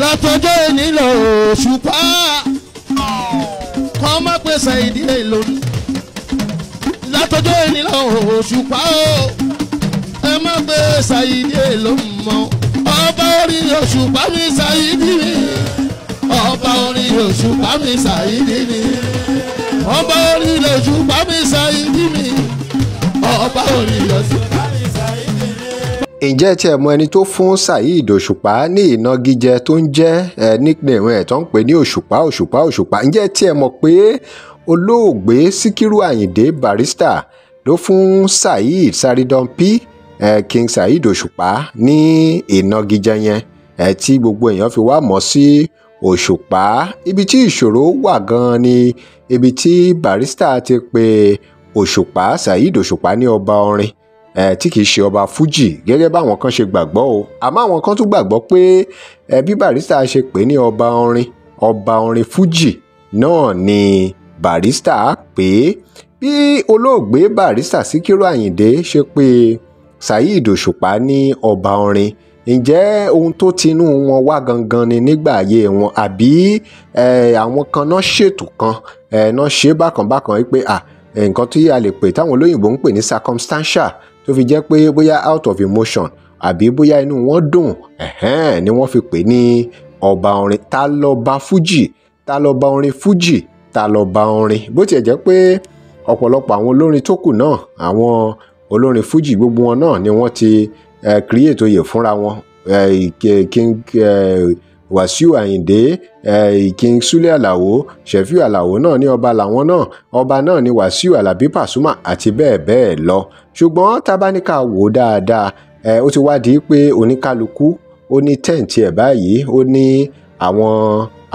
látọjọ́ ìnílò òṣùpá kọ́ má pèsè ìdílé lónìí látọjọ́ ìnílò òṣùpá o ẹ má gbé ṣàyídì èlò mọ́ ọba orí òṣùpá mi ṣàyídì mi ọba orí òṣùpá mi ṣàyídì mi ọba orí òṣùpá mi ṣàyídì mi ọba orí òṣùpá ǹjẹ́ ẹ tiẹ̀ mọ ẹni tó fún saheed òṣùpá ní ìnagijẹ tó ń jẹ́ ẹ nickname ẹ̀ tó ń pè ní òṣùpá òṣùpá òṣùpá ǹjẹ́ ẹ mọ̀ pé olóògbé síkírù àyìndé barista ló fún saheed saridon p ẹ king saheed òṣùpá ní ìnagijẹ yẹn ẹ tí gbogbo èèyàn fi wá mọ̀ sí òṣùpá ibi tí ìṣòro wà gan-an ni ibi tí barista ti pè òṣùpá saheed òṣùpá ní ọba orin tí kìí ṣe ọba Fuji gẹ́gẹ́ báwọn kan ṣe gbàgbọ́ o àmọ́ àwọn kan tún gbàgbọ́ pé bí Barrister ṣe pè ní ọba orin ọba orin Fuji náà ni barista. pè é bí olóògbé barista Síkírù Àyìndé ṣe pé Saheed Òṣùpá ní ọba orin ǹjẹ́ ohun tó tinú wọn wá gangan ni nígbà ayé wọn àbí àwọn kan náà ṣètò kan náà ṣe bákan bákan wípé nǹkan tí a lè pè táwọn olóyìnbó ń pè ní circumstantial tó fi jẹ́ pé bóyá out of emotion àbí bóyá inú wọn dùn ẹ̀hẹ́n ni wọ́n fi pè ní ọba orin ta lọ́ba fújì ta lọ́ba orin fújì ta lọ́ba orin bó tiẹ̀ jẹ́ pé ọ̀pọ̀lọpọ̀ àwọn olórin tó kù náà àwọn olórin fújì gbogbo wọn náà ni wọ́n ti eh, create oyè fúnra wọn eh, kí n. Eh, wàsíù àyìndé king sule alao ṣẹ̀fíù alao náà ní ọba làwọn náà ọba náà ní wàsíù alábí pasuma àti bẹ́ẹ̀ bẹ́ẹ̀ lọ ṣùgbọ́n tabaníkà wò dáadáa ó ti wá di pé oníkálukú ó ní tẹ̀ǹtì ẹ̀ báyìí ó ní àwọn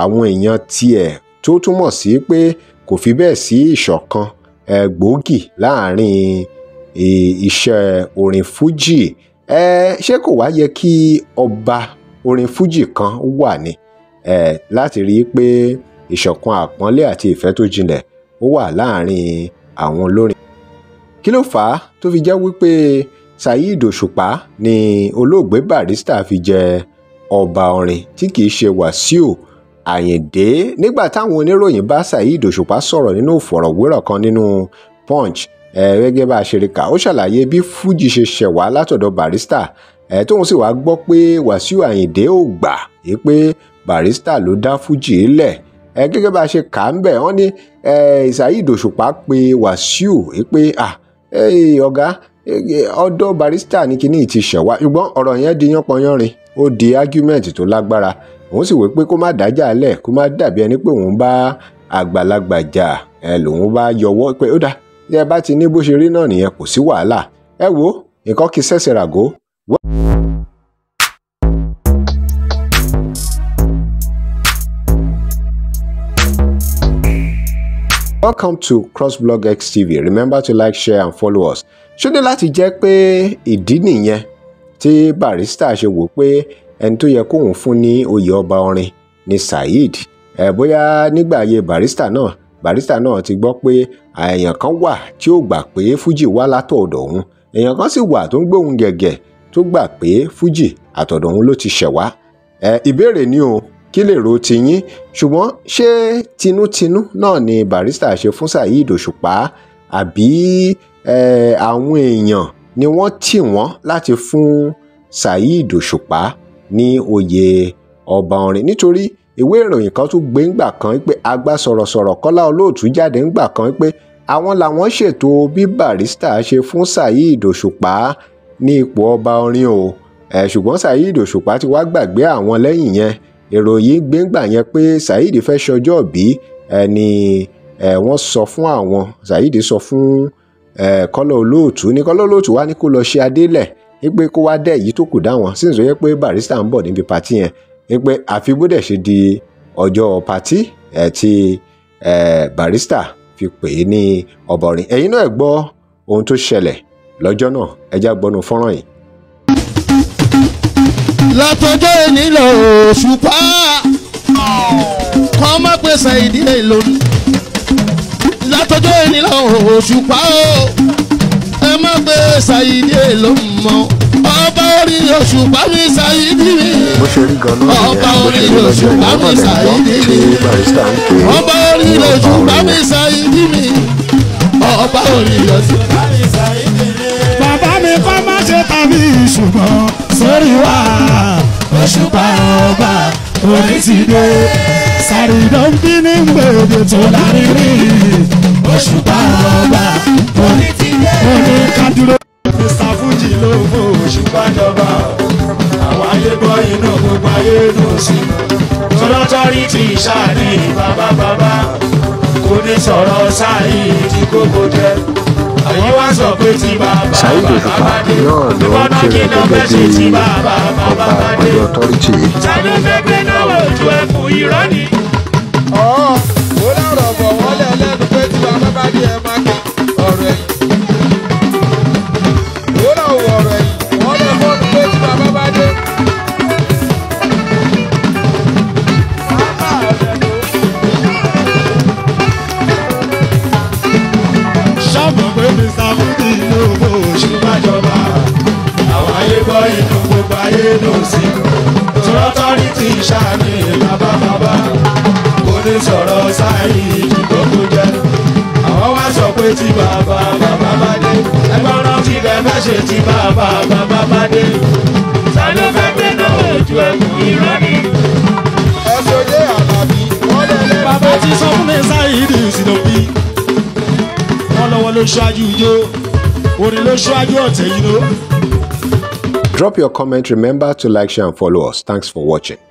àwọn èèyàn tiẹ̀ tó túmọ̀ sí pé kò fi bẹ́ẹ̀ sí ìṣọ̀kan gbòógì láàrin iṣẹ́ orin fuji ṣé kò wá yẹ kí ọba orin fújì kan wà ní eh, láti rí i pé ìṣọ̀kan àpọ́nlé àti ìfẹ́ tó jinlẹ̀ ó wà láàárín àwọn olórin. kí ló fà á tó fi jẹ́ wípé Saheed Òṣùpá ni olóògbé barista fi jẹ ọba orin tí kìí ṣe Wàsíù Àyìndé nígbà táwọn oníròyìn bá Saheed Òṣùpá sọ̀rọ̀ nínú ìfọ̀rọ̀wérọ̀ kan nínú Punch gẹ́gẹ́ bá a ṣe rí kà ó ṣàlàyé bí fújì ṣe ṣẹ̀ látọ̀dọ̀ Barrister ẹ̀ tóun sì wáá gbọ́ pé Wàsíù Àyìndé ò gbà é pé Barrister ló dá fújì lẹ̀ ẹ gẹ́gẹ́ bá a ṣe kà á ń bẹ̀ wọ́n ní Saheed Òṣùpá pe Wàsíù pé ọ̀gá ọ̀dọ̀ Barrister ní kíní ti ṣẹ̀ wá ṣùgbọ́n ọ̀rọ̀ yẹn di yánpọnyánrin ó di argument tó lágbára òun sì wí pé kó má dájà lẹ̀ kó má dàbí ẹni pé òun bá àgbàlagbà jà ẹ lòun bá yọwọ́ pé ó dá ẹ bá ti ní bó ṣe rí náà nìyẹn kò sí wàhálà ẹ wo nǹkan kì í Welcome to crossblog xtv remember to like share and follow us ṣó ní láti jẹ́ pé ìdí nìyẹn tí Barrister ṣe wò pé ẹni tó yẹ kóun fún ní oyè ọba orin ni Saheed ẹ bóyá nígbà ayé Barrister náà Barrister náà ti gbọ́ pé èèyàn kan wà tí ó gbà pé fújì wá látọ̀dọ̀ òun èèyàn kan sì wà tó ń gbóhùn gẹ̀gẹ̀ tó gbà pé fújì àtọ̀dọ̀ òun ló ti ṣẹ̀ wá ẹ ìbéèrè ni o kí lèrò tiyín ṣùgbọ́n ṣé tinútinú náà ni barista ṣe fún Saheed Òṣùpá àbí àwọn èèyàn ni wọ́n tì wọ́n láti fún Saheed Òṣùpá ní oyè ọba orin nítorí ìwé ìròyìn kan tún gbé ńgbà kan pé àgbà sọ̀rọ̀sọ̀rọ̀ Kọ́lá Olóòtú jáde ńgbà kan pé àwọn làwọn ṣètò bí Barrister ṣe fún Saheed Òṣùpá ní ipò ọba orin o ṣùgbọ́n Saheed Òṣùpá ti wá gbàgbé àwọn lẹ́yìn yẹn ìròyìn gbéngbà yẹn pé saheed fẹ́ ṣọjọ́ bí ẹni wọ́n sọ fún àwọn saheed sọ fún kọ́lá olóòtú ní kọ́lá olóòtú wá ní kó lọ ṣe adélẹ̀ wípé kó wá dẹ̀ yìí tó kù dáwọn sí ìsọyẹ pé barista ń bọ̀ níbi pàtí yẹn wípé àfi gbọ́dẹ̀ ṣe di ọjọ́ pàtí ti barista fi pè é ní ọbọ̀rin ẹ̀yin náà gbọ́ ohun tó ṣẹlẹ̀ lọ́jọ́ náà ẹja gbọ́nu fọ́nrán yìí látọjọ́ ìnílò òṣùpá kọ́ má pèsè ìdílé lónìí látọjọ́ ìnílò òṣùpá o ẹ má pè ṣàyídì èlò mọ́ ọba orí òṣùpá mi ṣàyídì mi ọba orí òṣùpá mi ṣàyídì mi ọba orí òṣùpá mi ṣàyídì mi ọba orí òṣùpá mi ṣàyídì mi bàbá mi kọ́ má ṣe tàbí ìṣùgbọ́n sórí wa òṣùpá ọba orí ti dé sàrídọ́n bí ní gbèrèdè tó lárírí òṣùpá ọba orí ti dé. mo ní ká dúró. Mr. Fuji ló fò òṣùpá jọba àwọn ayé bọ́ inú gbogbo ayé ló sí tọ́lọ́tọ́rí ti ṣáà ní bàbá bàbá kò ní sọ̀rọ̀ sáà yìí ti kókó jẹ. Saheed Òṣùpá náà ló ń kéré gẹ́gẹ́ bí ọba pẹ̀lú ọtọ́rìtì yìí. nínú síkù tọ́tọ́rí ti ṣàní bàbá-bàbá kò ní sọ̀rọ̀ sáyé ìdìbò tó jẹ́ àwọn wá sọ pé tí bàbá-bàbá bá dé ẹgbọ́n náà ti lẹ́ má ṣe tí bàbá-bàbá bá dé sálẹ́ fẹ́ gbé náà ojú ẹ̀kú irọ́ ni. ọ̀sọ̀dé àbàbí wọ́n lè lè. bàbá ti sọ fún mi sáyé ìdìbò sí lóbi wọ́n lọ́wọ́ ló ṣáájú yó orin ló ṣáájú ọ̀tẹ̀ yìí ló. Drop your comment. Remember to like, share, and follow us. Thanks for watching.